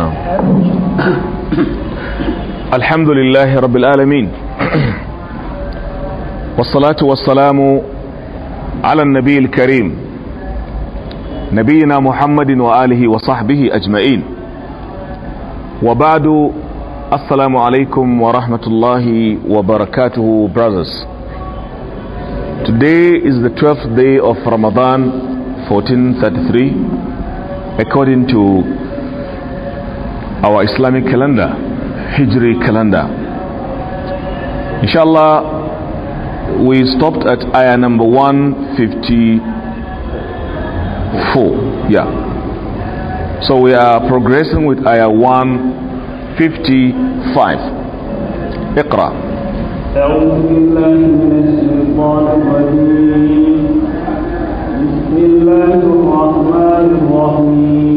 نعم الحمد لله رب العالمين والصلاة والسلام على النبي الكريم نبينا محمد وآله وصحبه أجمعين وبعد السلام عليكم ورحمة الله وبركاته brothers Today is the 12th day of Ramadan 1433 according to our Islamic calendar, Hijri calendar. Inshallah, we stopped at ayah number 154. Yeah. So we are progressing with ayah 155. اقرأ بسم الله الرحمن الرحيم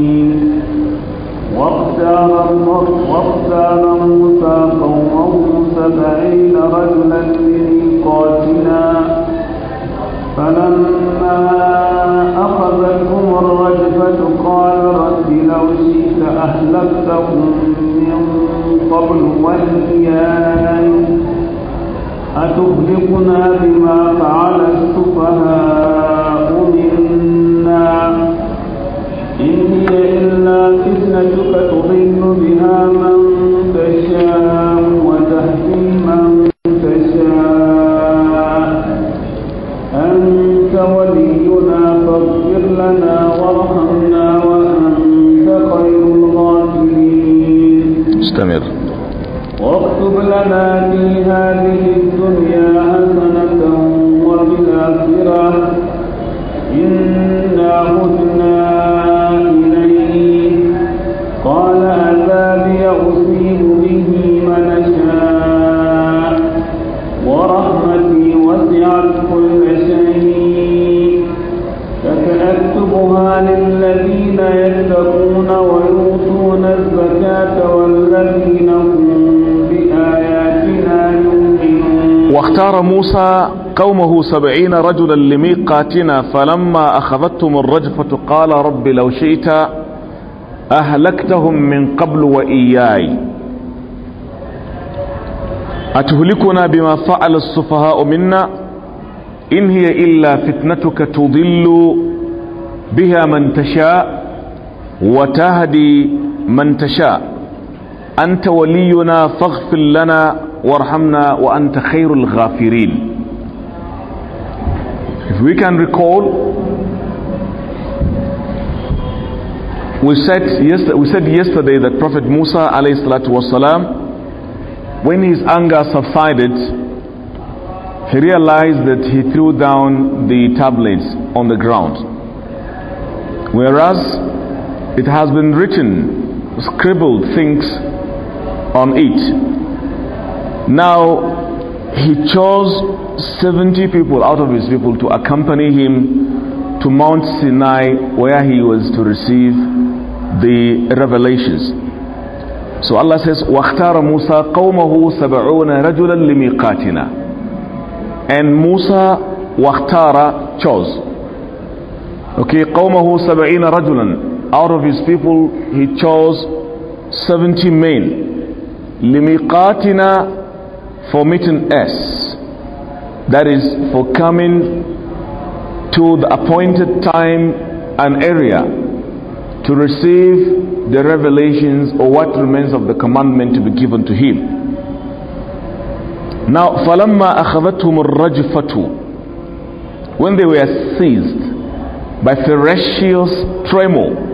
واختار موسى قومه سبعين رجلا لميقاتنا فلما أخذتهم الرجفة قال رب لو شئت أهلكتهم من قبل وإياي أتهلكنا بما فعل السفهاء مستمر واكتب لنا في هذه الدنيا حسنة وفي الآخرة إنا هدنا الذين هم بآياتنا واختار موسى قومه سبعين رجلا لميقاتنا فلما أخذتهم الرجفة قال رب لو شئت أهلكتهم من قبل وإياي أتهلكنا بما فعل السفهاء منا إن هي إلا فتنتك تضل بها من تشاء وتهدي من تشاء أنت ولينا فاغفر لنا وارحمنا وأنت خير الغافرين If we can recall, we said, yesterday, we said yesterday that Prophet Musa والسلام, when his anger subsided, he realized that he threw down the tablets on the ground. Whereas it has been written, scribbled things on it. Now, he chose 70 people out of his people to accompany him to Mount Sinai where he was to receive the revelations. So Allah says, وَاخْتَارَ مُوسَى قَوْمَهُ سَبْعُونَ رَجُلًا لِمِيقَاتِنَا And Musa واختار chose. Okay, قَوْمَهُ سَبْعِينَ رَجُلًا Out of his people, he chose 70 men limiqatina for meeting us that is for coming to the appointed time and area to receive the revelations or what remains of the commandment to be given to him now falamma akhadhatuhum ar-rajfatu when they were seized by ferocious tremor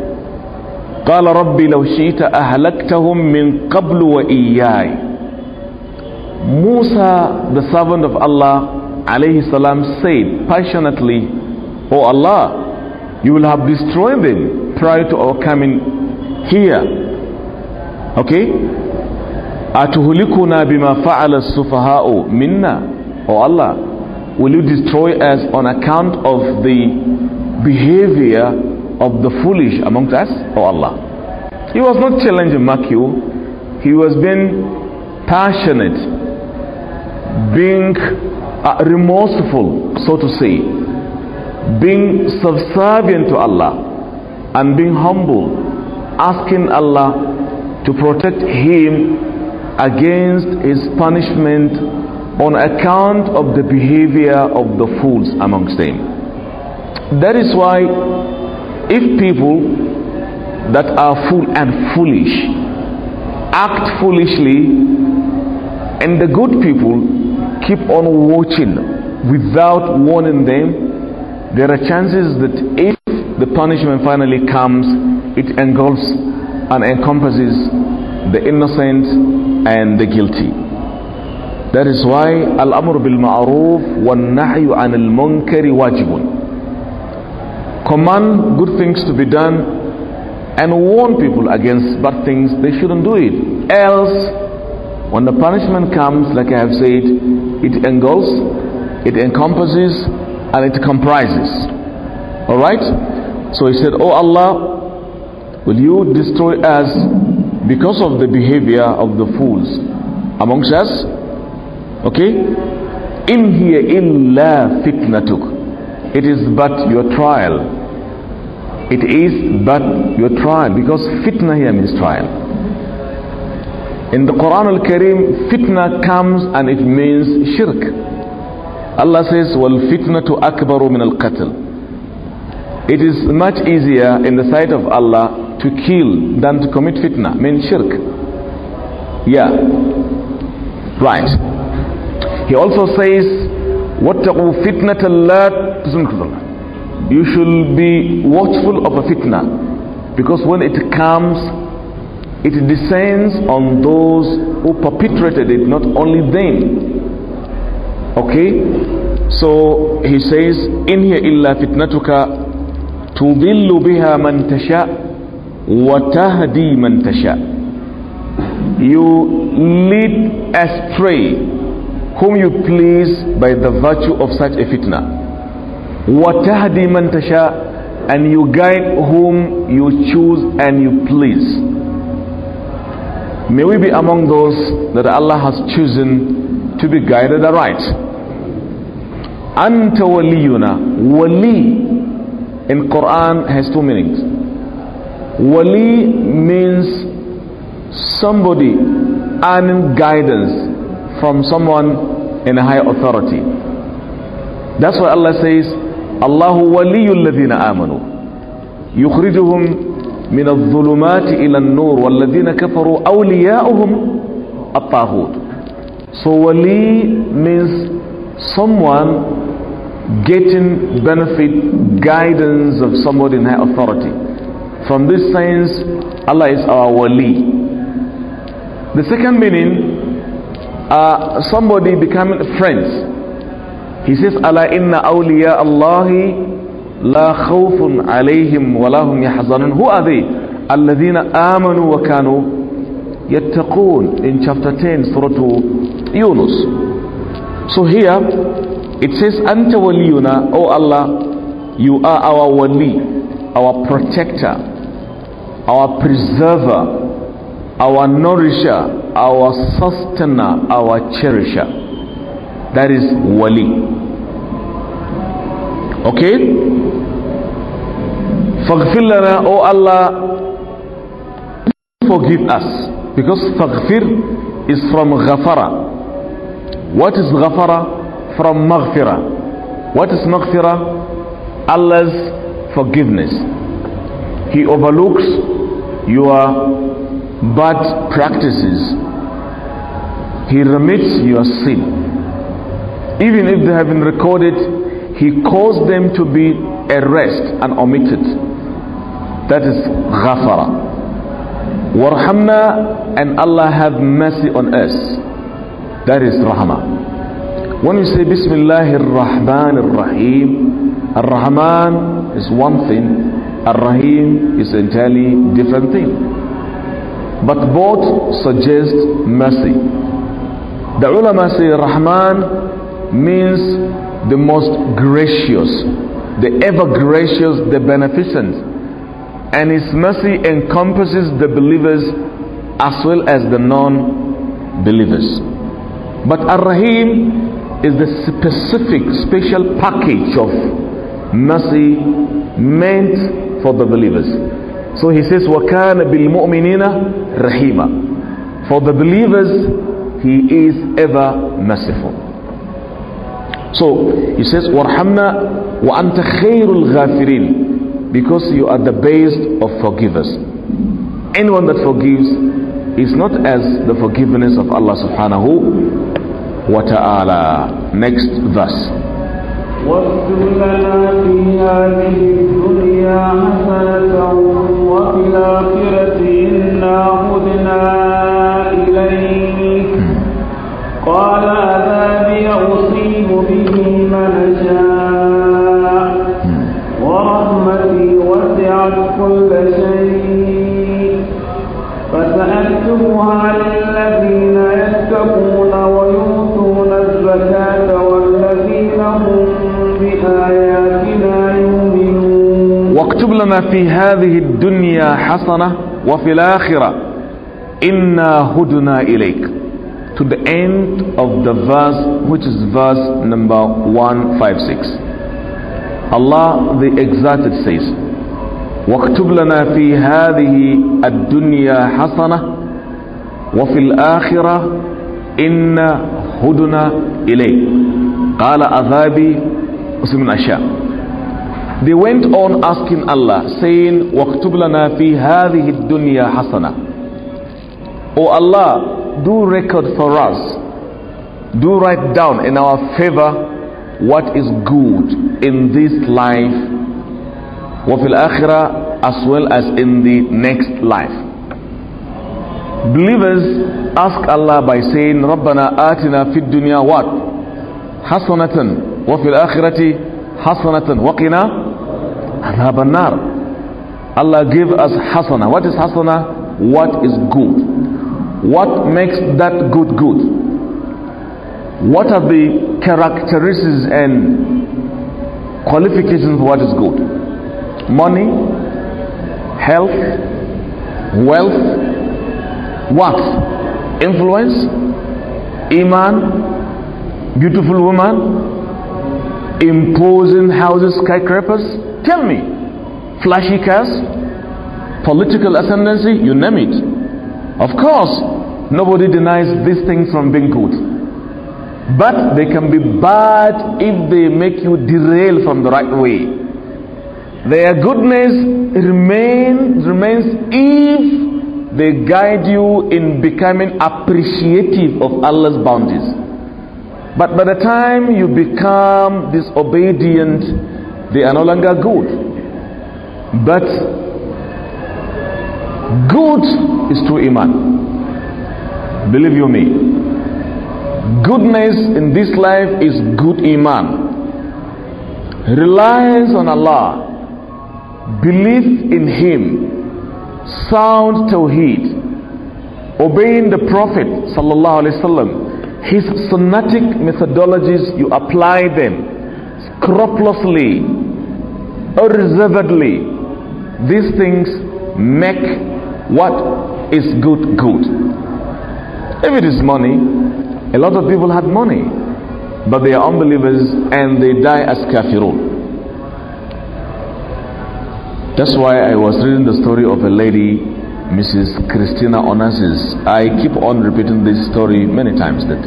قال ربي لو شئت أهلكتهم من قبل وإياي Musa the servant of Allah عليه السلام, said passionately O oh Allah you will have destroyed them prior to our coming here okay أتهلكنا بما فعل السفهاء منا O Allah will you destroy us on account of the behavior of the foolish amongst us O Allah? He was not challenging Makyu. He was being passionate, being uh, remorseful, so to say, being subservient to Allah and being humble, asking Allah to protect him against his punishment on account of the behavior of the fools amongst them. That is why if people that are fool and foolish act foolishly and the good people keep on watching without warning them there are chances that if the punishment finally comes it engulfs and encompasses the innocent and the guilty that is why al-amr bil ma'ruf wan al-munkar wajibun command good things to be done and warn people against bad things, they shouldn't do it. Else, when the punishment comes, like I have said, it engulfs, it encompasses, and it comprises. Alright? So he said, Oh Allah, will you destroy us because of the behavior of the fools amongst us? Okay? In here, illa fitnatuk. It is but your trial it is but your trial because fitna here means trial. In the Quran al Karim, fitna comes and it means shirk. Allah says, "Well, fitna to akbaru min al qatl. It is much easier in the sight of Allah to kill than to commit fitna, means shirk. Yeah. Right. He also says, "What fitna to Allah?" you should be watchful of a fitna because when it comes it descends on those who perpetrated it not only them okay so he says in here illa fitnatuka tudillu biha man tasha wa tahdi man tasha you lead astray whom you please by the virtue of such a fitna وَتَهْدِي مَنْ tasha? And you guide whom you choose and you please. May we be among those that Allah has chosen to be guided aright. Anta waliyuna. Wali in Quran has two meanings. Wali means somebody earning guidance from someone in a high authority. That's why Allah says, الله ولي الذين آمنوا يخرجهم من الظلمات إلى النور والذين كفروا أولياؤهم الطاغوت So wali means someone getting benefit, guidance of somebody in high authority. From this sense, Allah is our wali. The second meaning, uh, somebody becoming friends. He says, أَلَا Inna awliya اللَّهِ la خَوْفٌ alayhim, وَلَا هُمْ Who are they? الَّذِينَ آمَنُوا وَكَانُوا يَتَّقُونَ In chapter 10, Surah Yunus. So here, it says, أَنْتَ وَلِيُّنَا O Allah, you are our wali, our protector, our preserver, our nourisher, our sustainer, our cherisher. That is wali. Okay? فَغْفِرْ لَنَا O Allah, forgive us. Because فَغْفِر is from غَفَرَ. What is غَفَرَ? From مَغْفِرَ. What is مَغْفِرَ? Allah's forgiveness. He overlooks your bad practices. He remits your sin. Even if they have been recorded he caused them to be erased and omitted. That is ghafara. Warhamna and Allah have mercy on us. That is rahma. When you say al-Rahman Rahmanir Rahim, Ar-Rahman is one thing, Ar-Rahim is entirely different thing. But both suggest mercy. The ulama say Rahman means the most gracious, the ever gracious, the beneficent. And His mercy encompasses the believers as well as the non believers. But Ar Rahim is the specific, special package of mercy meant for the believers. So he says, وَكَانَ بِالْمُؤْمِنِينَ رَحِيمًا For the believers, he is ever merciful. So he says, Warhamna wa anta khairul ghafirin. Because you are the best of forgivers. Anyone that forgives is not as the forgiveness of Allah subhanahu wa ta'ala. Next verse. واغفر لنا في هذه الدنيا حسنة وفي الآخرة إنا هدنا إليك قال عذابي به من شاء ورحمتي وسعت كل شيء فسأكتبها للذين يتقون ويؤتون الزكاة والذين هم بآياتنا يؤمنون واكتب لنا في هذه الدنيا حسنة وفي الآخرة إنا هدنا إليك to the end of the verse, which is verse number 156. Allah the Exalted says, واكتب لنا في هذه الدنيا حسنة وفي الآخرة إن هدنا إليه قال عذابي من أشاء They went on asking Allah, saying, واكتب لنا في هذه الدنيا حسنة O Allah, do record for us. Do write down in our favor what is good in this life. wafil akhirah, as well as in the next life. Believers ask Allah by saying "Rabbana a'tina fid dunya what? حسنة wafil akhirati حسنة waqina Allah give us hasana. What is hasana? What is good? What makes that good good? What are the characteristics and qualifications of what is good? Money, health, wealth, what? Influence, iman, beautiful woman, imposing houses, skyscrapers. Tell me, flashy cars, political ascendancy, you name it of course, nobody denies these things from being good. But they can be bad if they make you derail from the right way. Their goodness remain, remains if they guide you in becoming appreciative of Allah's bounties. But by the time you become disobedient, they are no longer good. But good is true iman believe you me goodness in this life is good iman reliance on allah belief in him sound tawheed obeying the prophet sallallahu alaihi wasallam his sunnatic methodologies you apply them scrupulously unreservedly these things make what is good good? If it is money, a lot of people had money, but they are unbelievers and they die as kafirun. That's why I was reading the story of a lady, Mrs. Christina Onassis. I keep on repeating this story many times that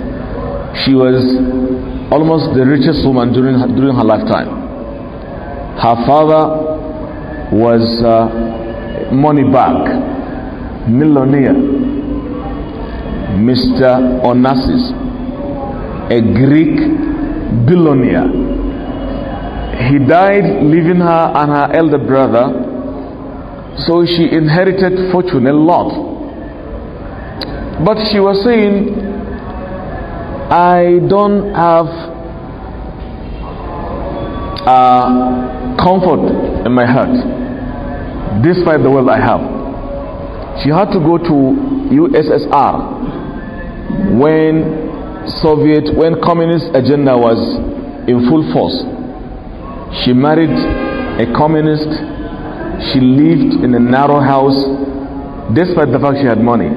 she was almost the richest woman during her, during her lifetime. Her father was uh, money bank millionaire, Mr. Onassis, a Greek billionaire. He died leaving her and her elder brother, so she inherited fortune a lot. But she was saying, I don't have uh, comfort in my heart despite the wealth I have she had to go to USSR when Soviet, when communist agenda was in full force. She married a communist. She lived in a narrow house, despite the fact she had money.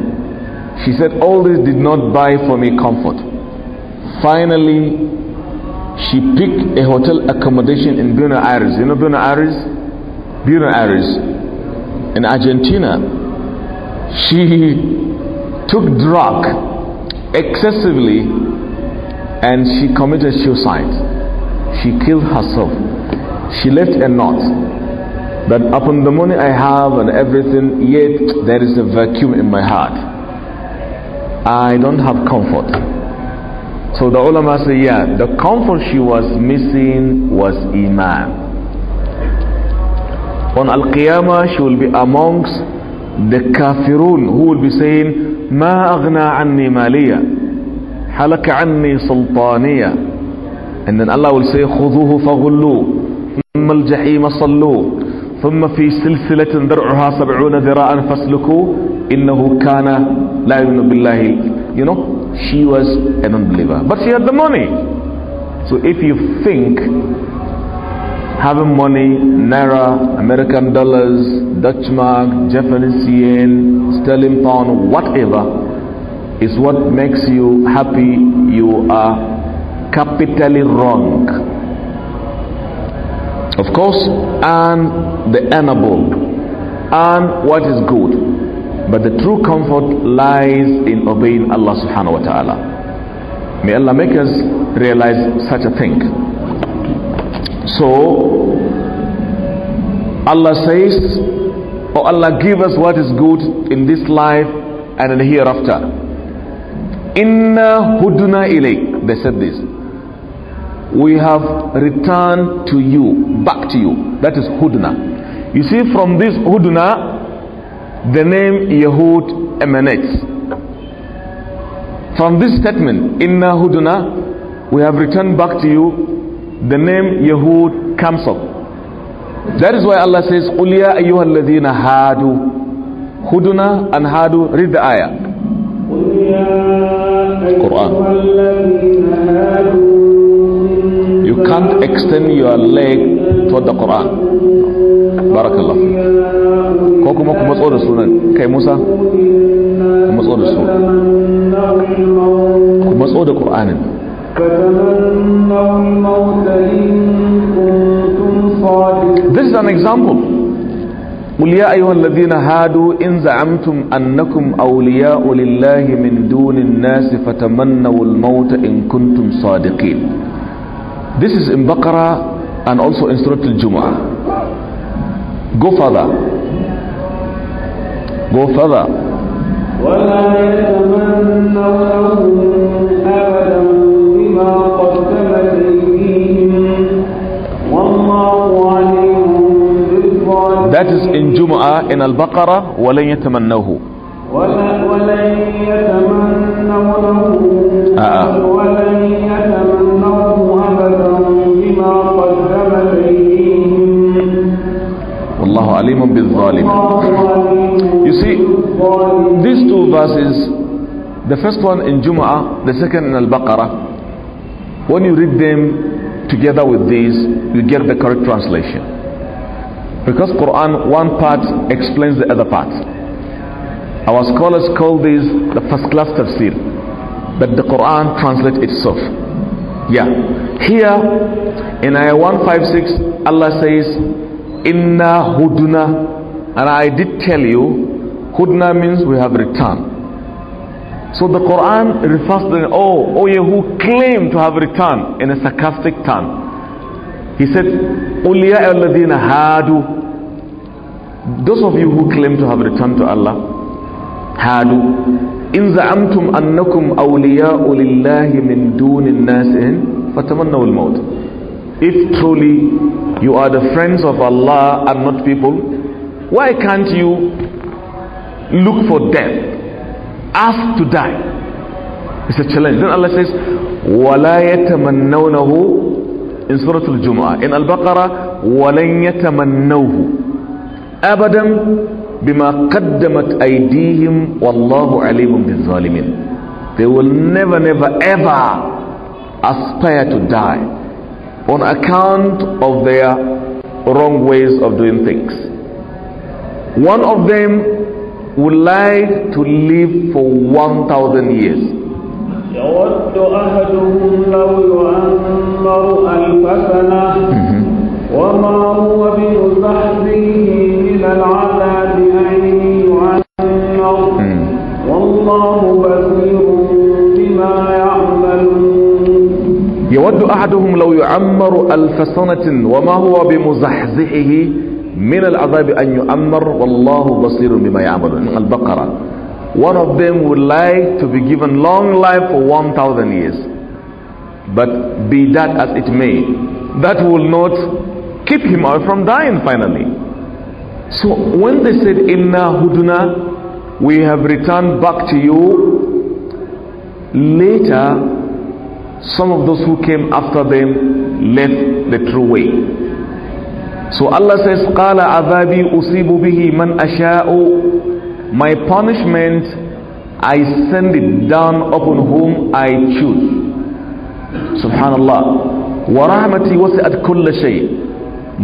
She said, All this did not buy for me comfort. Finally, she picked a hotel accommodation in Buenos Aires. You know Buenos Aires? Buenos Aires in Argentina she took drug excessively and she committed suicide she killed herself she left a note that upon the money i have and everything yet there is a vacuum in my heart i don't have comfort so the ulama say yeah the comfort she was missing was iman on al-qiyamah she will be amongst the kafirun who will ما أغنى عني مالية حلك عني سلطانية إن الله والسي خذوه فغلوه ثم الجحيم صلوه ثم في سلسلة درعها سبعون ذراعا فاسلكوه إنه كان لا يؤمن بالله you know she was an unbeliever but she had the money so if you think having money, naira, American dollars, Dutch mark, Japanese yen, sterling pound, whatever, is what makes you happy, you are capitally wrong. Of course, and the earnable, and what is good. But the true comfort lies in obeying Allah subhanahu wa ta'ala. May Allah make us realize such a thing. So Allah says, or oh Allah give us what is good in this life and in the hereafter. Inna huduna ilayk. They said this. We have returned to you, back to you. That is huduna. You see, from this huduna, the name Yahud emanates. From this statement, Inna huduna, we have returned back to you, the name Yahud comes up. That is why Allah says, قُلْ يَا أَيُّهَا الَّذِينَ Huduna and Hadu, read the ayah. Quran. You can't extend your leg toward the Quran. Barakallah. Ko kuma ku sunan kai Musa? Ku matso sunan. Qur'anin. This is an example. قل يا أيها الذين هادوا إن زعمتم أنكم أولياء لله من دون الناس فتمنوا الموت إن كنتم صادقين This is in Baqarah and also in Surah Al-Jumu'ah Go further Go further ولا يتمنونه أبدا That is in Jumu'ah in Al-Baqarah وَلَنْ يَتَمَنَّوهُ وَلَنْ يَتَمَنَّوهُ وَلَنْ يَتَمَنَّوهُ أَبَدًا بِمَا قَدَّمَتْ أَيْدِيهِمْ وَاللَّهُ عَلِيمٌ You see, these two verses, the first one in Jumu'ah, the second in Al-Baqarah, when you read them together with these, you get the correct translation. Because Quran, one part explains the other part. Our scholars call this the first class tafsir. But the Quran translates itself. Yeah. Here in Ayah 156, Allah says, Inna Huduna," And I did tell you, "Huduna" means we have returned. So the Quran refers to, oh, oh yeah, who claim to have returned in a sarcastic tone. He said, Uliya alladhina hadu. Those of you who claim to have returned to Allah, hadu. In za'amtum annakum awliya lillahi min dunin nasin fatamannaw al-maut. If truly you are the friends of Allah and not people, why can't you look for death? Ask to die. It's a challenge. Then Allah says, وَلَا يَتَمَنَّوْنَهُ in Surah Al-Jumu'ah. In Al-Baqarah, وَلَنْ يَتَمَنَّوْهُ أَبَدًا بِمَا قَدَّمَتْ أَيْدِيهِمْ وَاللَّهُ عَلِيمٌ بِالظَّالِمِينَ They will never, never, ever aspire to die on account of their wrong ways of doing things. One of them would like to live for 1,000 years يود أحدهم لو يؤمر ألف سنة وما هو بمزحزحه من العذاب أن يعمر والله بصير بما يعملون يود أحدهم لو يعمر ألف سنة وما هو بمزحزحه من العذاب أن يؤمر والله بصير بما يعملون البقرة one of them would like to be given long life for 1,000 years. But be that as it may, that will not keep him away from dying finally. So when they said, Inna Huduna, we have returned back to you, later some of those who came after them left the true way. So Allah says, قَالَ عَذَابِي أُصِيبُ بِهِ مَنْ my punishment, I send it down upon whom I choose. Subhanallah. Wa rahmati wasi'at kull shay.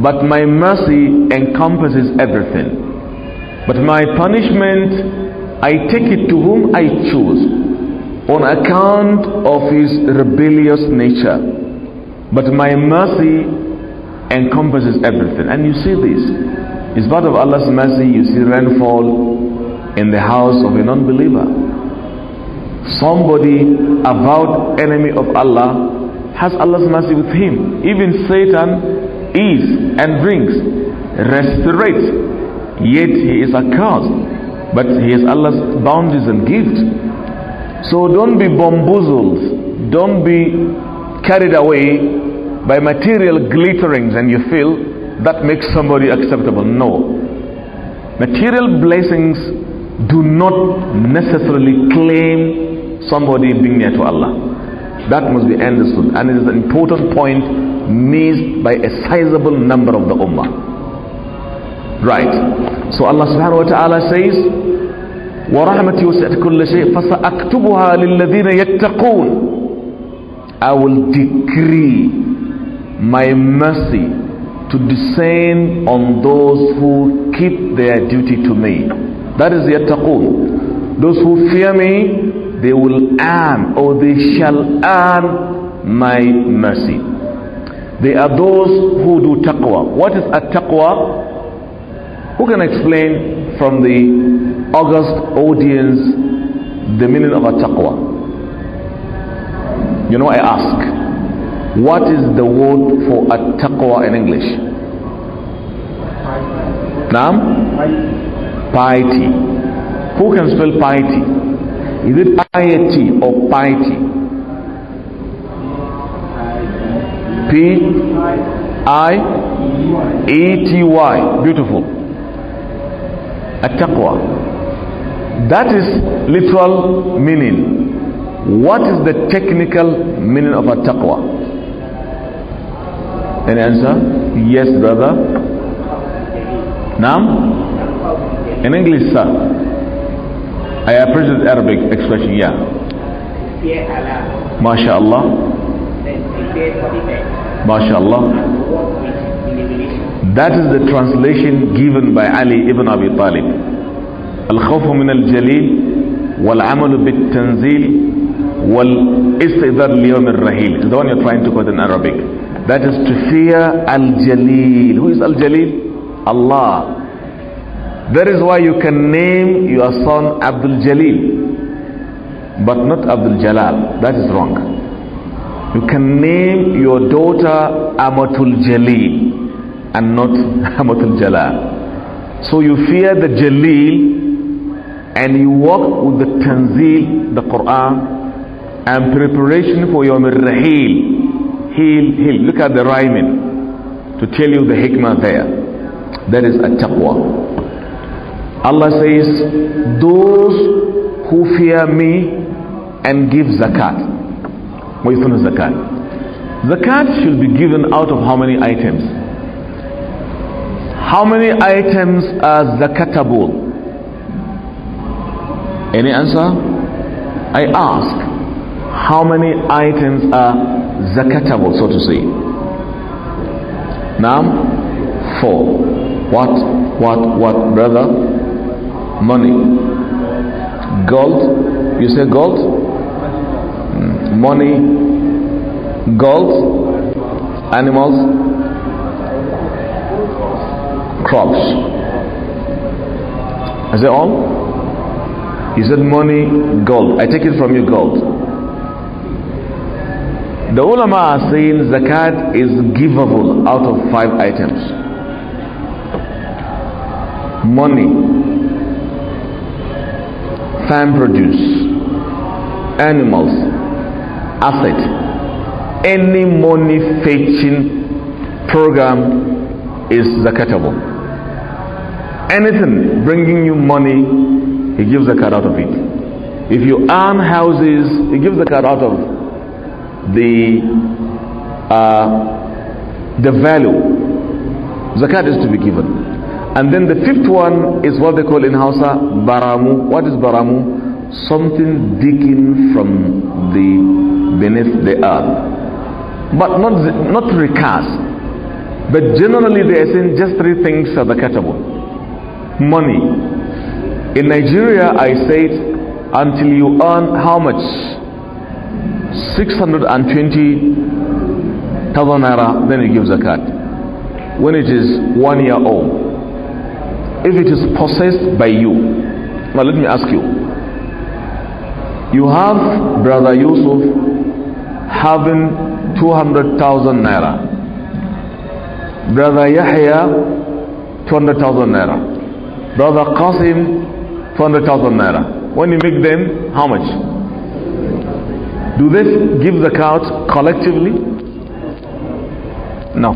But my mercy encompasses everything. But my punishment, I take it to whom I choose on account of his rebellious nature. But my mercy encompasses everything. And you see this. It's part of Allah's mercy. You see rainfall, in the house of a non believer. Somebody avowed enemy of Allah has Allah's mercy with him. Even Satan eats and drinks, respirates, yet he is accursed. But he has Allah's bounties and gifts. So don't be bamboozled, don't be carried away by material glitterings and you feel that makes somebody acceptable. No. Material blessings do not necessarily claim somebody being near to Allah. That must be understood. And it is an important point missed by a sizable number of the Ummah. Right. So Allah subhanahu wa ta'ala says, ورحمتي وسعت كل شيء فسأكتبها للذين يتقون I will decree my mercy to descend on those who keep their duty to me that is the yattaqun. Those who fear me, they will earn or they shall earn my mercy. They are those who do taqwa. What is a taqwa? Who can explain from the August audience the meaning of a taqwa? You know, I ask, what is the word for a taqwa in English? Naam? Piety. Who can spell piety? Is it piety or piety? P I E T Y. Beautiful. At-taqwa. That is literal meaning. What is the technical meaning of at-taqwa? Any answer? Yes, brother. Now? In English, sir. I appreciate Arabic expression, yeah. MashaAllah. MashaAllah. That is the translation given by Ali ibn Abi Talib. الخوف من الجليل والعمل بالتنزيل والاستئذار ليوم الرحيل is the one you're trying to quote in Arabic that is to fear Al-Jalil who is Al-Jalil? Allah that is why you can name your son Abdul Jalil, but not Abdul Jalal. That is wrong. You can name your daughter Amatul Jalil and not Amatul Jalal. So you fear the Jalil and you walk with the Tanzil, the Quran, and preparation for your Mirrahil. Heal, heal. Look at the rhyming to tell you the hikmah there. That is a taqwa. Allah says, Those who fear me and give zakat. What is zakat? Zakat should be given out of how many items? How many items are zakatable? Any answer? I ask, how many items are zakatable, so to say? Now, four. What, what, what, brother? money gold you say gold money gold animals crops is it all he said money gold i take it from you gold the ulama are saying zakat is givable out of five items money farm produce, animals, assets, any money fetching program is zakatable. Anything bringing you money, he gives the cut out of it. If you own houses, he gives the cut out of the uh, the value. Zakat is to be given. And then the fifth one is what they call in Hausa baramu. What is baramu? Something digging from the beneath the earth, but not not recast. But generally, they are saying just three things are the catable. Money. In Nigeria, I say until you earn how much? 620,000 naira, then you give zakat. When it is one year old, if it is possessed by you. Now let me ask you. You have brother Yusuf having 200,000 naira. Brother Yahya 200,000 naira. Brother Qasim 200,000 naira. When you make them, how much? Do they give the card collectively? No.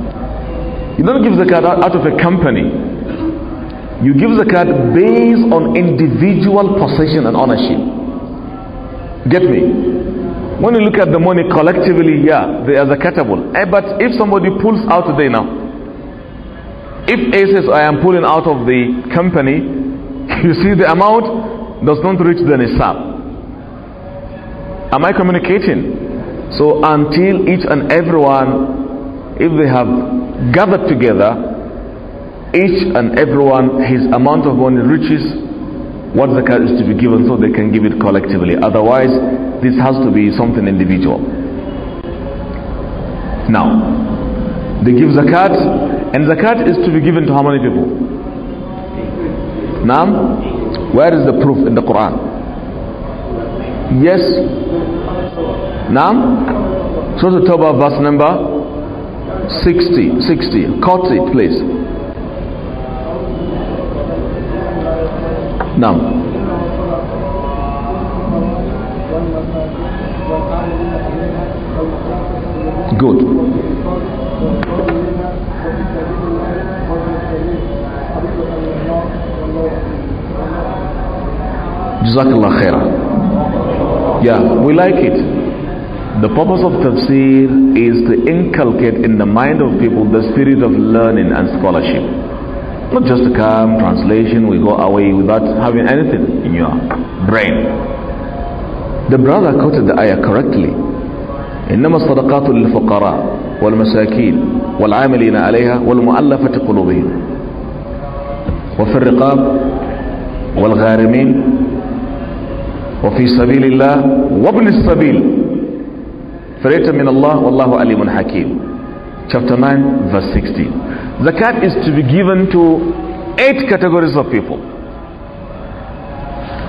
You don't give card out of a company. You give zakat based on individual possession and ownership. Get me? When you look at the money collectively, yeah, they are zakatable. Eh, but if somebody pulls out today now, if A says, I am pulling out of the company, you see the amount does not reach the nisab. Am I communicating? So until each and everyone, if they have gathered together, each and everyone his amount of money reaches what zakat is to be given so they can give it collectively otherwise this has to be something individual now they give zakat and zakat is to be given to how many people now where is the proof in the quran yes now so the Toba verse number 60 60 cut it please نعم good Jazakallah khairah yeah we like it the purpose of tafsir is to inculcate in the mind of people the spirit of learning and scholarship not just a calm translation, we go away without having anything in your brain. The brother quoted the ayah correctly. إنما الصدقات للفقراء والمساكين والعاملين عليها والمؤلفة قلوبهم وفي الرقاب والغارمين وفي سبيل الله وابن السبيل فريتا من الله والله عليم حكيم chapter 9 verse 16 zakat is to be given to eight categories of people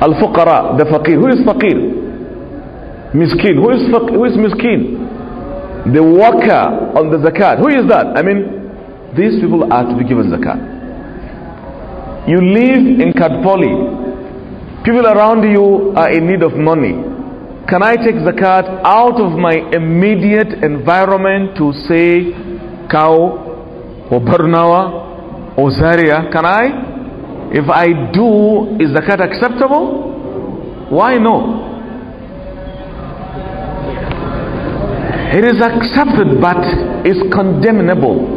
al-fuqara the faqir who is faqir miskin who is faqir? who is miskin the worker on the zakat who is that i mean these people are to be given zakat you live in kadpoli people around you are in need of money can i take zakat out of my immediate environment to say cow or Barnawa or Zaria, can I? If I do, is the zakat acceptable? Why no? It is accepted but is condemnable.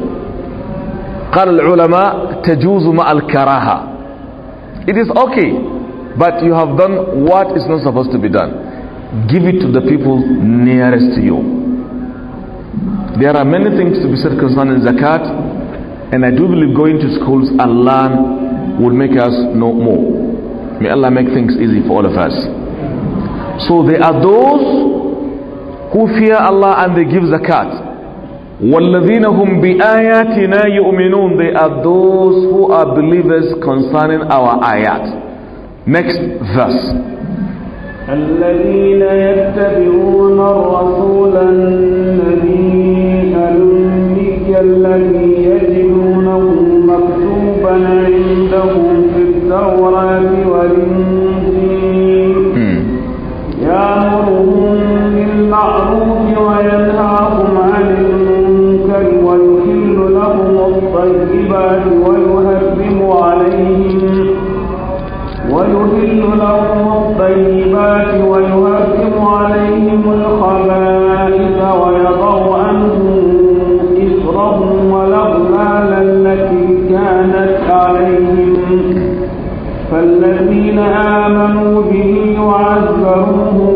قال العلماء تجوز مع الكراهة It is okay but you have done what is not supposed to be done. Give it to the people nearest to you. There are many things to be said concerning zakat. And I do believe going to schools and learn will make us know more. May Allah make things easy for all of us. So there are those who fear Allah and they give zakat. وَالَّذِينَ بِآيَاتِنَا يُؤْمِنُونَ They are those who are believers concerning our ayat. Next verse. الذين يتبعون الرسول النبي الأمي الذي يتبعون والإنجيل يأمرهم بالمعروف وينهاهم عن المنكر ويحل لهم الطيبات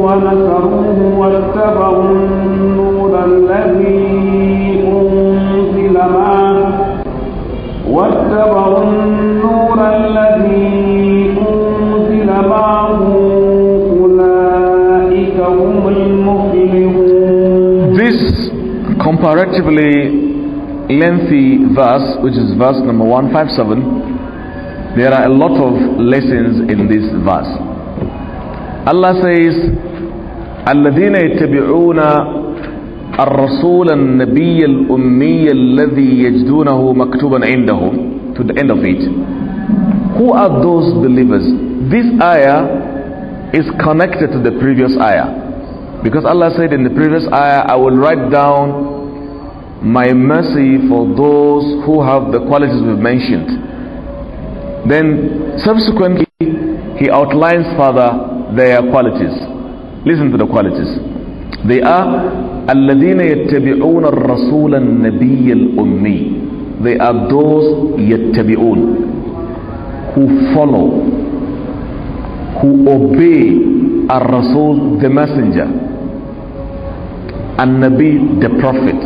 واتبعوا النور الذي أنزل معه واتبعوا النور الذي أنزل معه أولئك هم المفلحون This comparatively lengthy verse, which is verse number 157, there are a lot of lessons in this verse. Allah says, الذين يتبعون الرسول النبي الأمي الذي يجدونه مكتوبا عندهم to the end of it who are those believers this ayah is connected to the previous ayah because Allah said in the previous ayah I will write down my mercy for those who have the qualities we've mentioned then subsequently he outlines further their qualities Listen to the qualities. They are الَّذِينَ يَتَّبِعُونَ nabiy al-ummi. They are those يَتَّبِعُونَ who follow, who obey ar-rasul the messenger, an-nabi the prophet,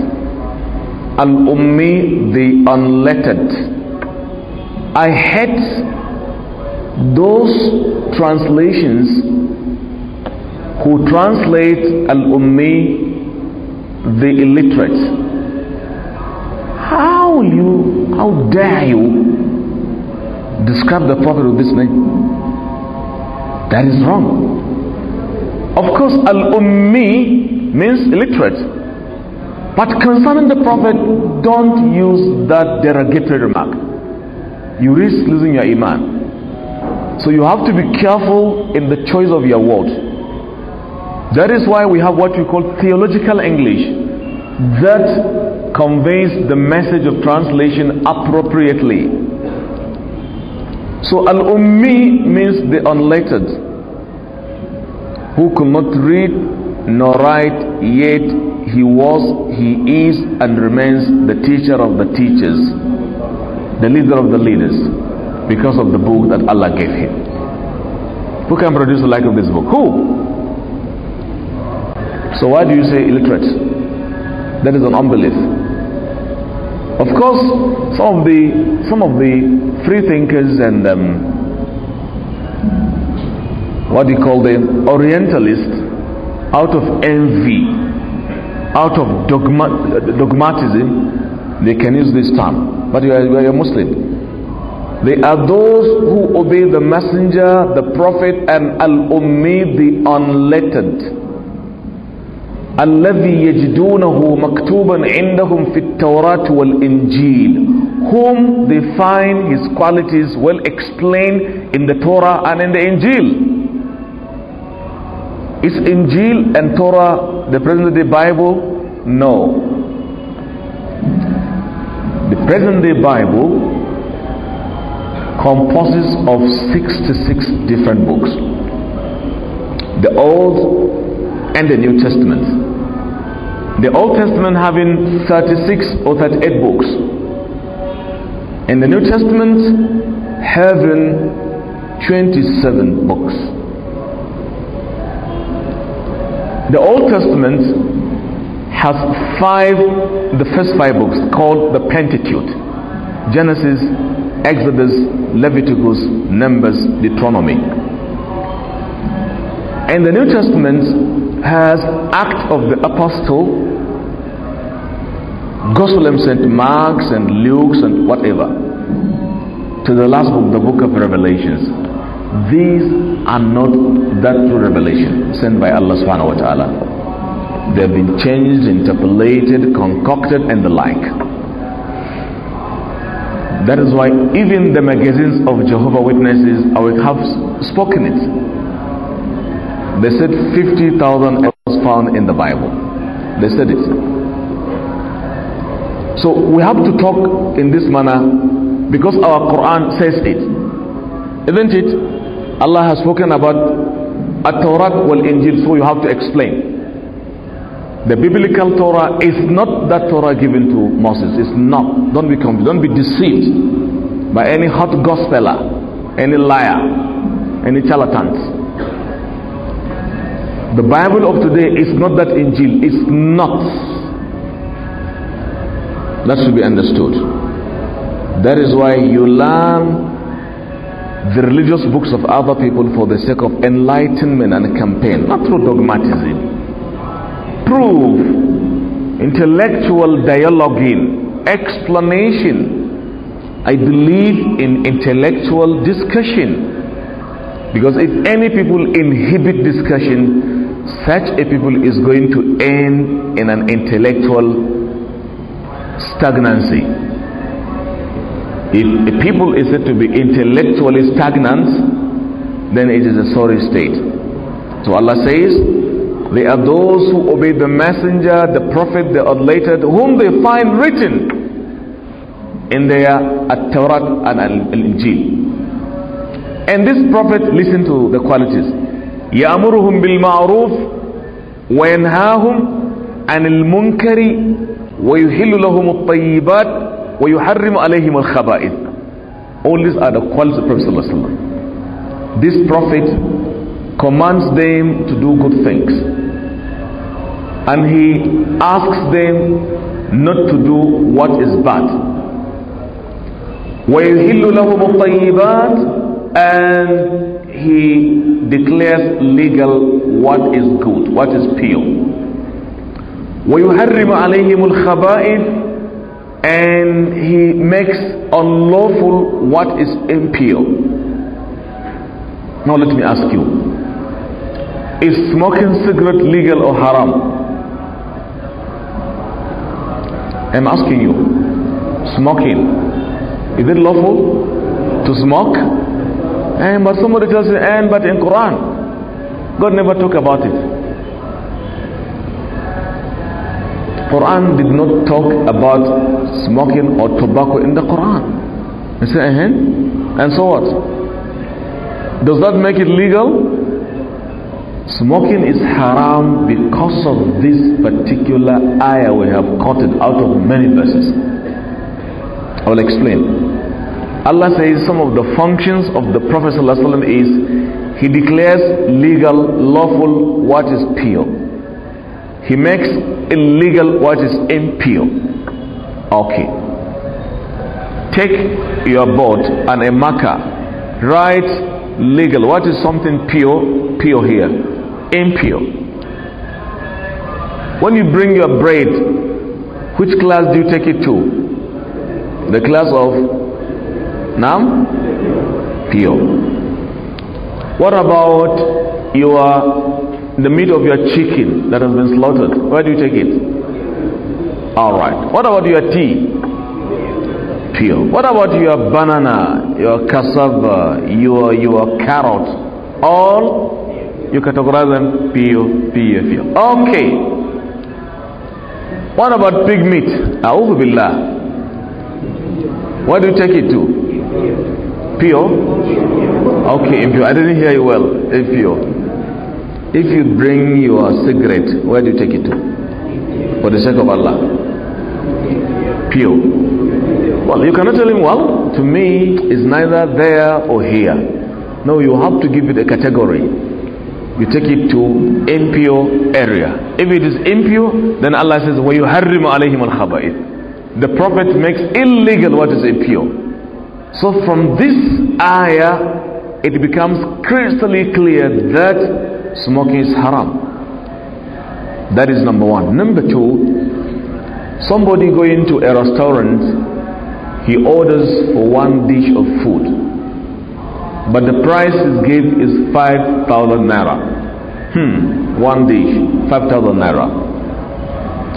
al-ummi the unlettered. I hate those translations who translates al-ummi the illiterate how will you how dare you describe the prophet with this name that is wrong of course al-ummi means illiterate but concerning the Prophet, don't use that derogatory remark. You risk losing your Iman. So you have to be careful in the choice of your words. That is why we have what we call theological English that conveys the message of translation appropriately. So Al Ummi means the unlettered who could not read nor write, yet he was, he is, and remains the teacher of the teachers, the leader of the leaders, because of the book that Allah gave him. Who can produce the like of this book? Who? So why do you say illiterate? That is an unbelief. Of course, some of the some of the free thinkers and um, what do you call them Orientalists, out of envy, out of dogma, dogmatism, they can use this term. But you are, you are a Muslim. They are those who obey the messenger, the prophet, and al-ummi, the unlettered. الذي يجدونه مكتوبا عندهم في التوراة والإنجيل whom they find his qualities well explained in the Torah and in the Injil. Is Injil and Torah the present day Bible? No. The present day Bible composes of 66 different books. The Old and the New Testament. The Old Testament having 36 or 38 books. In the New Testament having 27 books. The Old Testament has five, the first five books called the Pentateuch Genesis, Exodus, Leviticus, Numbers, Deuteronomy. And the New Testament, has Act of the Apostle, Gospel of St. Mark's and Luke's and whatever, to the last book, the book of Revelations. These are not that true revelation sent by Allah subhanahu wa ta'ala. They have been changed, interpolated, concocted, and the like. That is why even the magazines of Jehovah Witnesses, have spoken it they said 50,000 was found in the Bible. They said it. So we have to talk in this manner because our Quran says it. Isn't it? Allah has spoken about a Torah wal-Injil, so you have to explain. The biblical Torah is not that Torah given to Moses. It's not. Don't be confused. Don't be deceived by any hot gospeler, any liar, any charlatan. The Bible of today is not that Injil. It's not. That should be understood. That is why you learn the religious books of other people for the sake of enlightenment and campaign, not through dogmatism. Prove intellectual dialoguing, explanation. I believe in intellectual discussion because if any people inhibit discussion such a people is going to end in an intellectual stagnancy. If a people is said to be intellectually stagnant, then it is a sorry state. So Allah says, they are those who obey the messenger, the prophet, the unlettered, whom they find written in their At-Tawrat and Al-Injil. And this prophet listened to the qualities. يأمرهم بالمعروف وينهاهم عن المنكر ويحل لهم الطيبات ويحرم عليهم الخبائث all these are the qualities of Prophet ﷺ. this prophet commands them to do good things and he asks them not to do what is bad ويحل لهم الطيبات and he declares legal what is good, what is pure. وَيُحَرِّمُ عَلَيْهِمُ الْخَبَائِثِ And he makes unlawful what is impure. Now let me ask you, is smoking cigarette legal or haram? I'm asking you, smoking, is it lawful to smoke? And but somebody tells you, and but in Quran, God never talk about it. Quran did not talk about smoking or tobacco in the Quran. You say, eh, and so what? Does that make it legal? Smoking is haram because of this particular ayah we have quoted out of many verses. I will explain. Allah says some of the functions of the Prophet ﷺ is he declares legal, lawful what is pure. He makes illegal what is impure. Okay. Take your board and a marker. Write legal. What is something pure? Pure here. Impure. When you bring your bread, which class do you take it to? The class of now, pure. What about your the meat of your chicken that has been slaughtered? Where do you take it? All right. What about your tea? Pure. What about your banana, your cassava, your your carrot? All you categorize them pure, pure, pure. Okay. What about pig meat? Billah. Where do you take it to? Pure? Okay, impure. I didn't hear you well. Impure. If you bring your cigarette, where do you take it to? For the sake of Allah. Pure. Well, you cannot tell him, well, to me, it's neither there or here. No, you have to give it a category. You take it to impure area. If it is impure, then Allah says, وَيُحَرِّمُ عَلَيْهِمُ الْخَبَائِثِ The Prophet makes illegal what is impure. So from this ayah, it becomes crystal clear that smoking is haram. That is number one. Number two, somebody going to a restaurant, he orders for one dish of food, but the price he given is 5,000 naira. Hmm, one dish, 5,000 naira.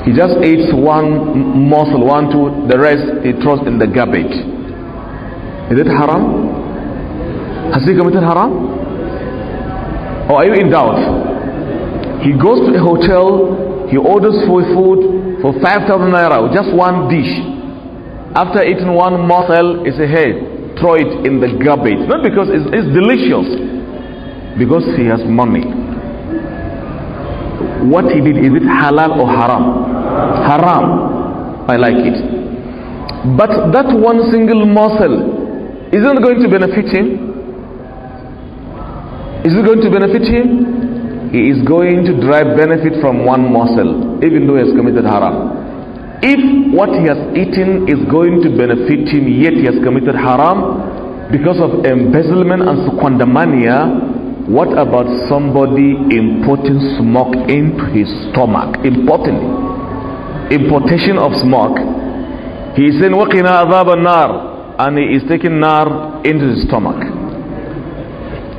He just eats one morsel, one, two, the rest he throws in the garbage. Is it haram? Has he committed haram? Or are you in doubt? He goes to a hotel, he orders for food for 5,000 naira, just one dish. After eating one morsel, he says, hey, throw it in the garbage. Not because it's, it's delicious, because he has money. What he did, is it halal or haram? Haram. I like it. But that one single morsel isn't going to benefit him? Is it going to benefit him? He is going to derive benefit from one morsel, even though he has committed haram. If what he has eaten is going to benefit him, yet he has committed haram because of embezzlement and squandermania, what about somebody importing smoke into his stomach? Importing, importation of smoke. He is saying, وَقِنَا al النَّارِ and he is taking nar into his stomach.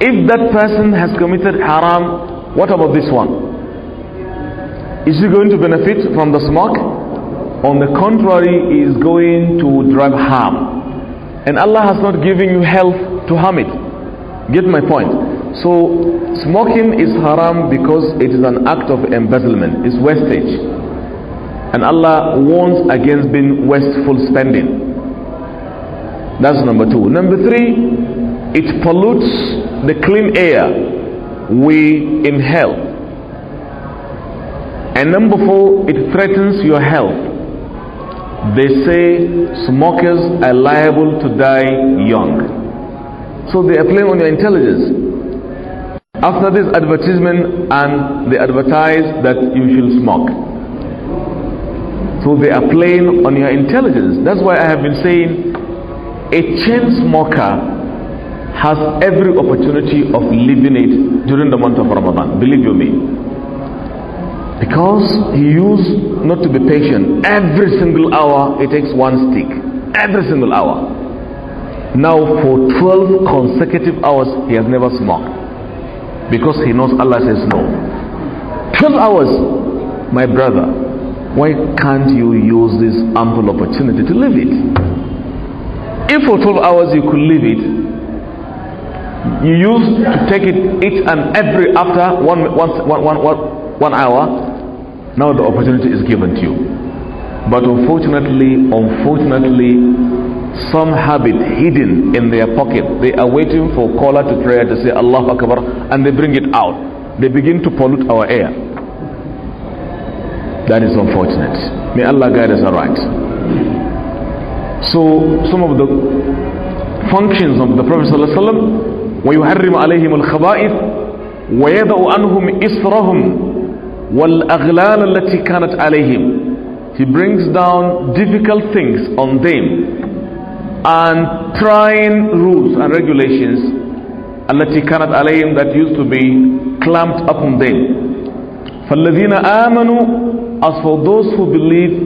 If that person has committed haram, what about this one? Is he going to benefit from the smoke? On the contrary, he is going to drive harm. And Allah has not given you health to harm it. Get my point. So, smoking is haram because it is an act of embezzlement, it's wastage. And Allah warns against being wasteful spending. That's number two. Number three, it pollutes the clean air we inhale. And number four, it threatens your health. They say smokers are liable to die young. So they are playing on your intelligence. After this advertisement, and they advertise that you should smoke. So they are playing on your intelligence. That's why I have been saying a chain smoker has every opportunity of leaving it during the month of Ramadan. Believe you me. Because he used not to be patient. Every single hour he takes one stick. Every single hour. Now for 12 consecutive hours he has never smoked. Because he knows Allah says no. 12 hours, my brother. Why can't you use this ample opportunity to live it? If for 12 hours you could leave it, you used to take it each and every after one, one, one, one, one hour, now the opportunity is given to you. But unfortunately, unfortunately, some habit hidden in their pocket. They are waiting for caller to prayer to say Allah Akbar and they bring it out. They begin to pollute our air. That is unfortunate. May Allah guide us aright. So some of the functions of the Prophet ﷺ, وَيُحَرِّمُ عَلَيْهِمُ الْخَبَائِثِ وَيَدَعُ عَنْهُمْ إِسْرَهُمْ وَالْأَغْلَالَ الَّتِي كَانَتْ عَلَيْهِمْ He brings down difficult things on them and trying rules and regulations التي كانت عليهم that used to be clamped upon them فالذين آمنوا as for those who believe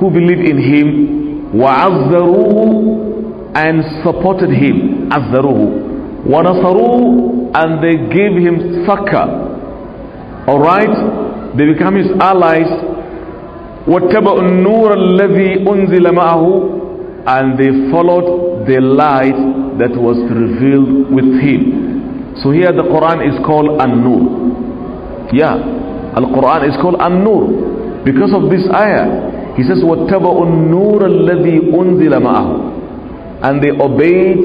who believe in him وَعَزَّرُوهُ and supported him عَزَّرُوهُ وَنَصَرُوهُ and they gave him succor alright they become his allies وَاتَّبَعُوا النُّورَ الَّذِي أُنزِلَ مَعَهُ and they followed the light that was revealed with him so here the Quran is called An-Nur yeah Al-Quran is called An-Nur because of this ayah he says, "Whatever And they obeyed,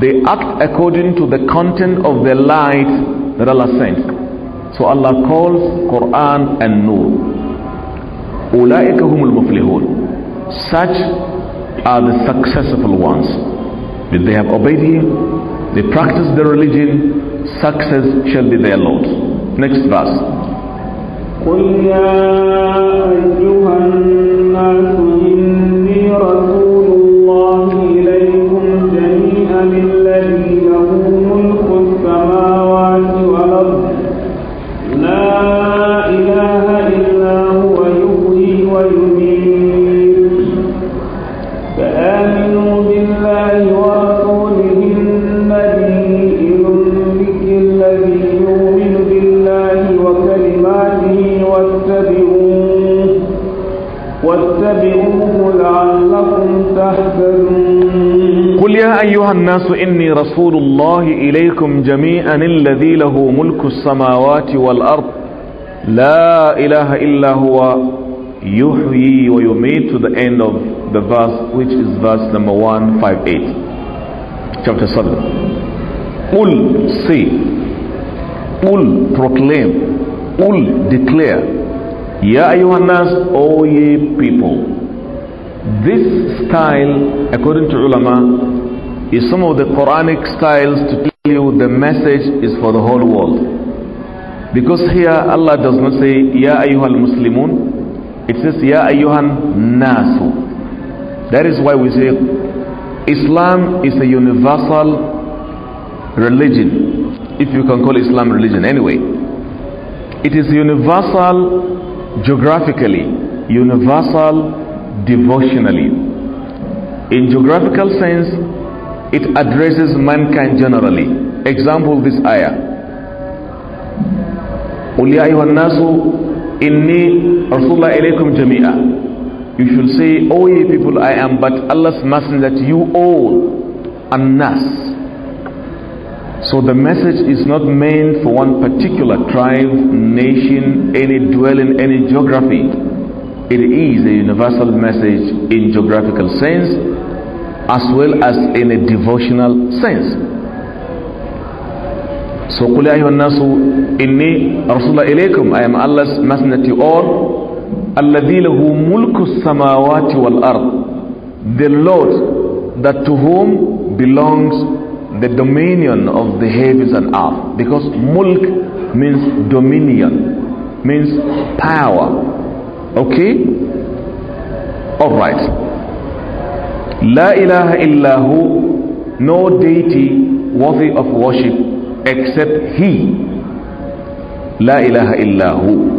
they act according to the content of the light that Allah sent. So Allah calls Quran and Nur. Such are the successful ones. Did they have obeyed Him? They practice the religion. Success shall be their Lord. Next verse. قل يا أيها الناس الناس إني رسول الله إليكم جميعا الذي له ملك السماوات والأرض لا إله إلا هو يحيي ويميت to the end of the verse which is verse number 158 chapter 7 قل say قل proclaim قل declare يا أيها الناس O ye people this style according to ulama is some of the Quranic styles to tell you the message is for the whole world. Because here Allah does not say, Ya ayyuhal muslimun. It says, Ya ayyuhan nasu. That is why we say Islam is a universal religion. If you can call Islam religion anyway. It is universal geographically, universal devotionally. In geographical sense, it addresses mankind generally. Example this ayah. قل يا أيها الناس إني رسول إليكم جميعا You should say, O oh, ye people, I am but Allah's messenger to you all, Annas. So the message is not meant for one particular tribe, nation, any dwelling, any geography. It is a universal message in geographical sense as well as in a devotional sense. So قل يا أيها الناس إني رسول إليكم I am Allah's messenger to you all الذي له ملك السماوات والأرض The Lord that to whom belongs the dominion of the heavens and earth because mulk means dominion means power okay all right La ilaha illahu, no deity worthy of worship except He. La ilaha illahu.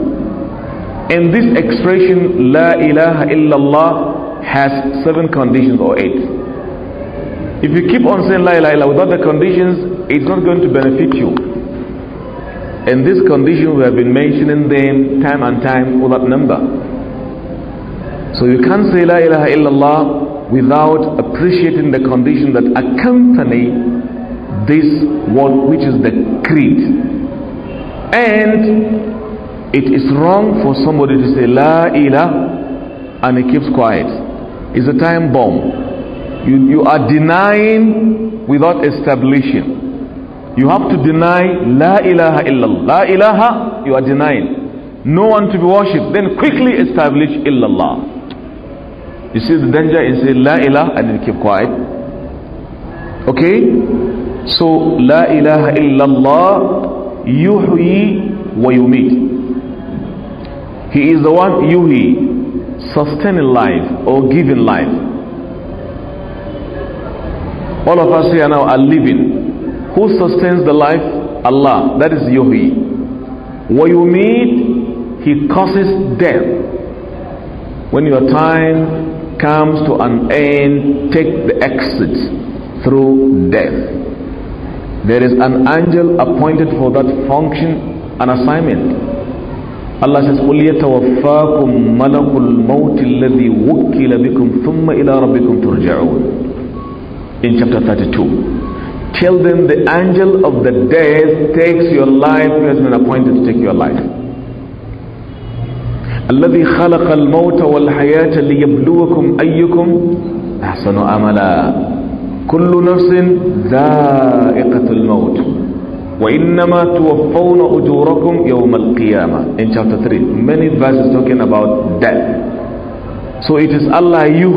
And this expression, La ilaha illallah, has seven conditions or eight. If you keep on saying La ilaha illallah without the conditions, it's not going to benefit you. And these conditions, we have been mentioning them time and time without number. So you can't say La ilaha illallah without appreciating the condition that accompany this one, which is the creed and it is wrong for somebody to say la ilah and he keeps quiet it's a time bomb you, you are denying without establishing you have to deny la ilaha illallah la ilaha you are denying no one to be worshipped then quickly establish illallah you see the danger is say La ilaha and then keep quiet. Okay? So La ilaha illallah yuhyi wa yumit. He is the one yuhi, sustaining life or giving life. All of us here now are living. Who sustains the life? Allah. That is yuhi. Wa yumit, he causes death. When your time comes to an end, take the exit through death. There is an angel appointed for that function, an assignment. Allah says, قُلْ يَتَوَفَّاكُمْ مَلَكُ الْمَوْتِ الَّذِي وُكِّلَ بِكُمْ ثُمَّ إِلَىٰ رَبِّكُمْ تُرْجَعُونَ In chapter 32. tell them the angel of the death takes your life who has been appointed to take your life. الذي خلق الموت والحياة ليبلوكم أيكم أحسن أملا كل نفس ذائقة الموت وإنما توفون أجوركم يوم القيامة in chapter 3 many verses talking about death so it is Allah you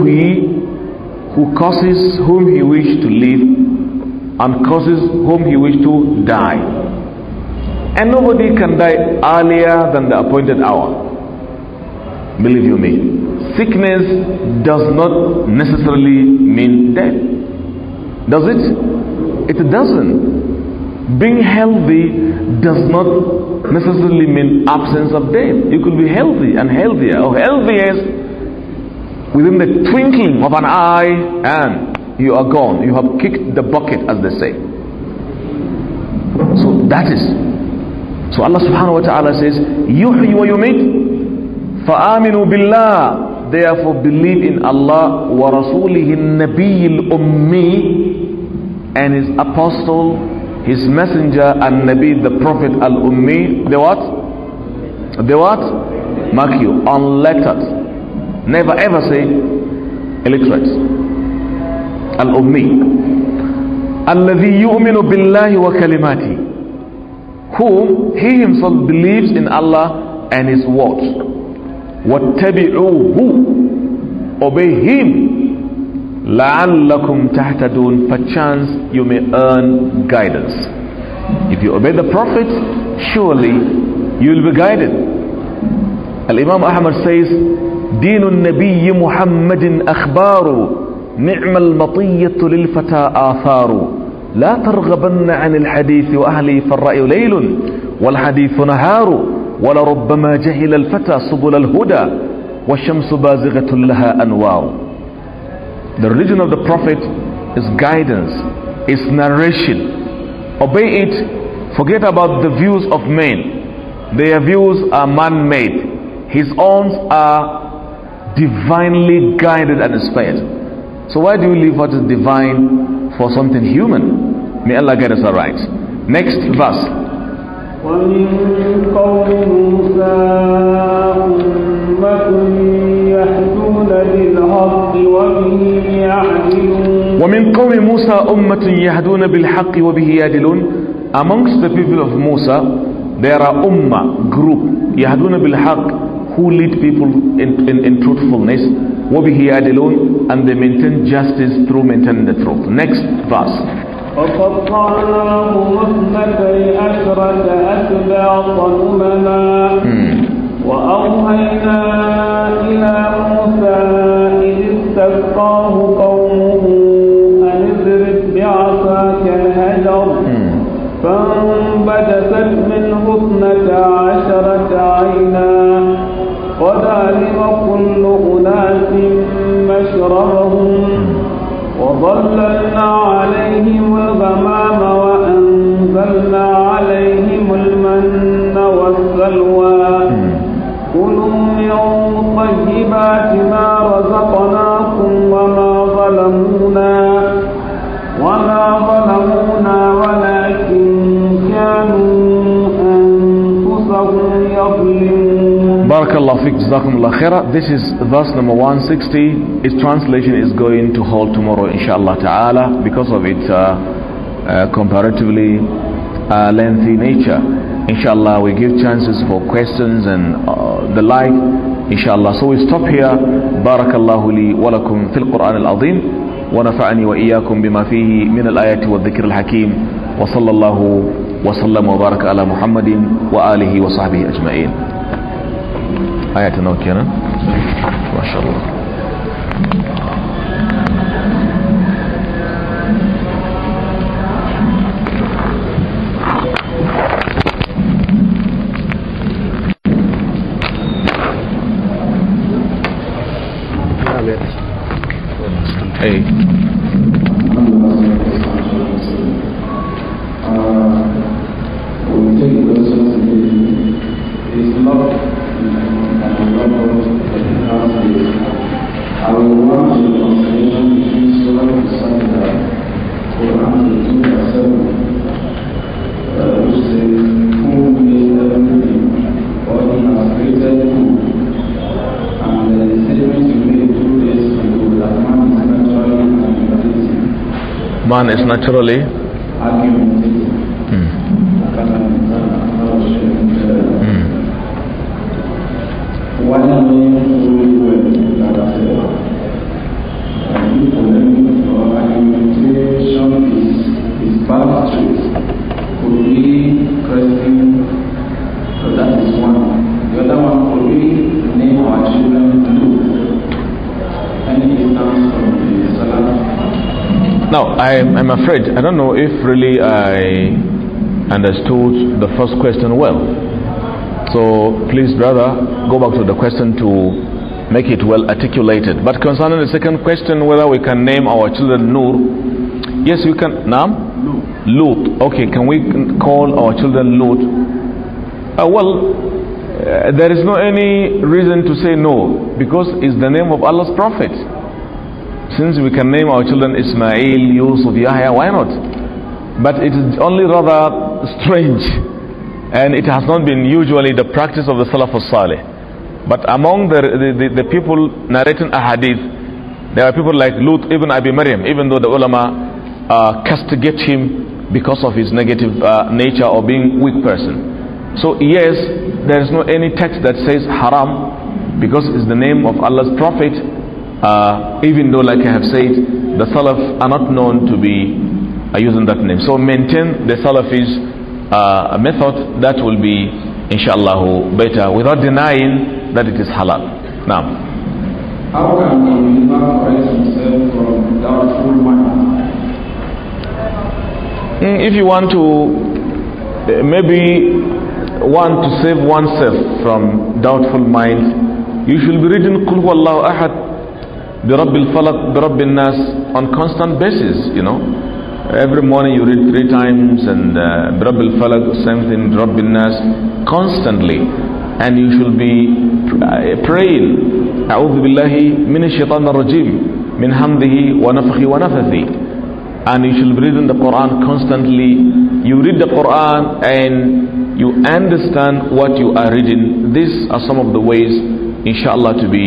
who causes whom he wish to live and causes whom he wish to die and nobody can die earlier than the appointed hour Believe you me, sickness does not necessarily mean death. Does it? It doesn't. Being healthy does not necessarily mean absence of death. You could be healthy and healthier, or healthiest within the twinkling of an eye, and you are gone. You have kicked the bucket, as they say. So that is. So Allah subhanahu wa ta'ala says, you wa yumit. فآمنوا بالله therefore believe in Allah ورسوله النبي الأمي and his apostle his messenger and Nabi the prophet al-ummi the what? the what? mark you unlettered never ever say illiterate al-ummi الذي يؤمن بالله وكلماته whom he himself believes in Allah and his words واتبعوه obey him لعلكم تهتدون perchance you may earn guidance if you obey the prophet surely you will be guided الإمام أحمد says دين النبي محمد أخبار نعم المطية للفتى آثار لا ترغبن عن الحديث وأهلي فالرأي ليل والحديث نهار ولربما جهل الفتى سبل الهدى والشمس بازغة لها أنوار The religion of the Prophet is guidance, is narration. Obey it, forget about the views of men. Their views are man-made. His own are divinely guided and inspired. So why do you leave what is divine for something human? May Allah guide us aright. Next verse. ومن قوم موسى أمة يهدون بالحق وبه يعدلون قوم موسى أمة يهدون بالحق يعدلون Amongst the people of Musa, there are ummah, group, يهدون بالحق, who lead people in, in, in truthfulness, wabihi adilun, and they maintain justice through maintaining the truth. Next verse. وقطعناهم اثنتي عشرة أسباطا أمما وأوحينا إلى موسى إذ استسقاه قومه أن اضرب بعصاك الهجر فانبجست منه اثنتا عشرة عينا قد علم كل أناس مشربهم وظللنا عليهم طيبات ما رزقناكم وما ظلمونا وما ظلمونا ولكن كانوا أنفسهم يظلمون بارك الله فيك جزاكم الله خيرا This is verse number 160 Its translation is going to hold tomorrow inshallah ta'ala because of its uh, uh, comparatively uh, lengthy nature inshallah we give chances for questions and uh, the like إن شاء الله سوي ستوب هي بارك الله لي ولكم في القرآن العظيم ونفعني وإياكم بما فيه من الآيات والذكر الحكيم وصلى الله وسلم وبارك على محمد وآله وصحبه أجمعين آياتنا وكينا ما شاء الله Hey one is naturally I'm, I'm afraid, I don't know if really I understood the first question well. So please, brother, go back to the question to make it well articulated. But concerning the second question, whether we can name our children Nur, yes, we can. Nam? Lut. Okay, can we call our children Lut? Uh, well, uh, there is no any reason to say no because it's the name of Allah's Prophet. Since we can name our children Ismail, Yusuf, Yahya, why not? But it is only rather strange and it has not been usually the practice of the Salaf al-Salih. But among the, the, the, the people narrating a hadith, there are people like Lut ibn Abi Maryam, even though the ulama uh, castigate him because of his negative uh, nature or being weak person. So yes, there is no any text that says haram because it's the name of Allah's prophet uh, even though, like I have said, the Salaf are not known to be uh, using that name. So maintain the Salafi's uh, method. That will be, inshallah, better without denying that it is halal. Now. How can a himself from doubtful manner? Mm, if you want to, uh, maybe want to save oneself from doubtful minds, you should be reading kulhu allahu Ahad برب الفلق برب الناس on constant basis you know every morning you read three times and uh, برب الفلق same thing برب الناس constantly and you should be uh, praying أعوذ بالله من الشيطان الرجيم من حمده wa ونفثه and you should read the Quran constantly. You read the Quran and you understand what you are reading. These are some of the ways, inshallah, to be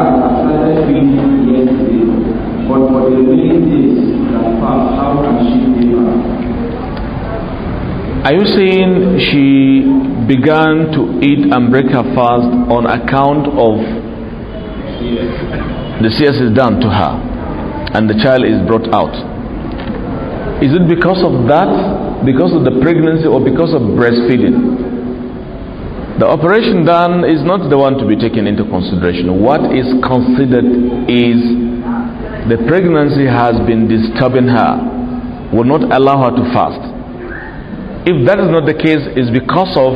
I yesterday, but for the many days that how can she give up? Are you saying she began to eat and break her fast on account of the CS is done to her and the child is brought out? Is it because of that? Because of the pregnancy or because of breastfeeding? The operation done is not the one to be taken into consideration. What is considered is the pregnancy has been disturbing her, will not allow her to fast. If that is not the case, it's because of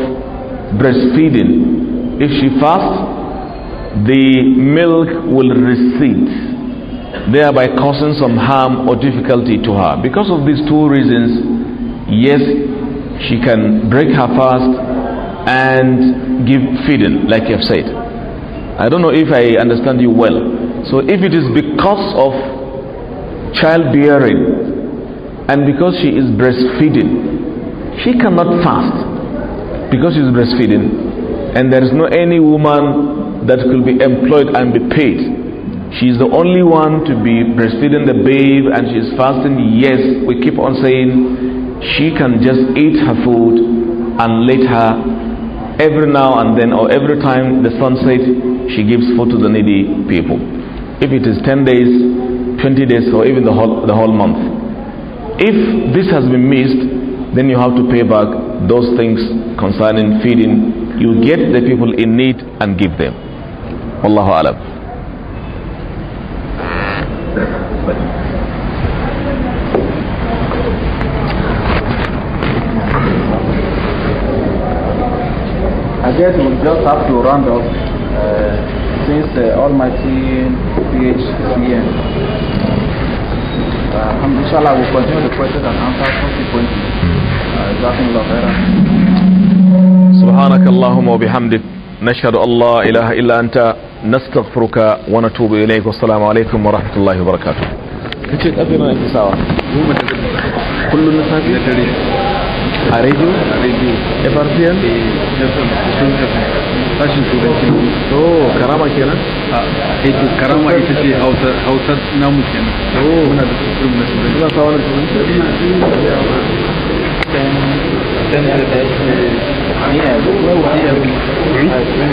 breastfeeding. If she fasts, the milk will recede thereby causing some harm or difficulty to her. Because of these two reasons, yes, she can break her fast and give feeding, like you have said. I don't know if I understand you well. So if it is because of childbearing and because she is breastfeeding, she cannot fast because she is breastfeeding, and there is no any woman that could be employed and be paid. She is the only one to be breastfeeding the babe and she is fasting. Yes, we keep on saying she can just eat her food and let her every now and then or every time the sun sets she gives food to the needy people if it is 10 days 20 days or even the whole, the whole month if this has been missed then you have to pay back those things concerning feeding you get the people in need and give them Allahu Alam I guess we just have to round up uh, since uh, Almighty PH is here. Uh, inshallah, we'll continue the questions and answers subsequently. Jazakumullah khairan. سبحانك اللهم وبحمدك نشهد أن لا إله إلا أنت نستغفرك ونتوب إليك والسلام عليكم ورحمة الله وبركاته. a radio a radio frpn sashin turanci karama kenan a karama ita ce namu kenan muna da na turanci sa wani turanci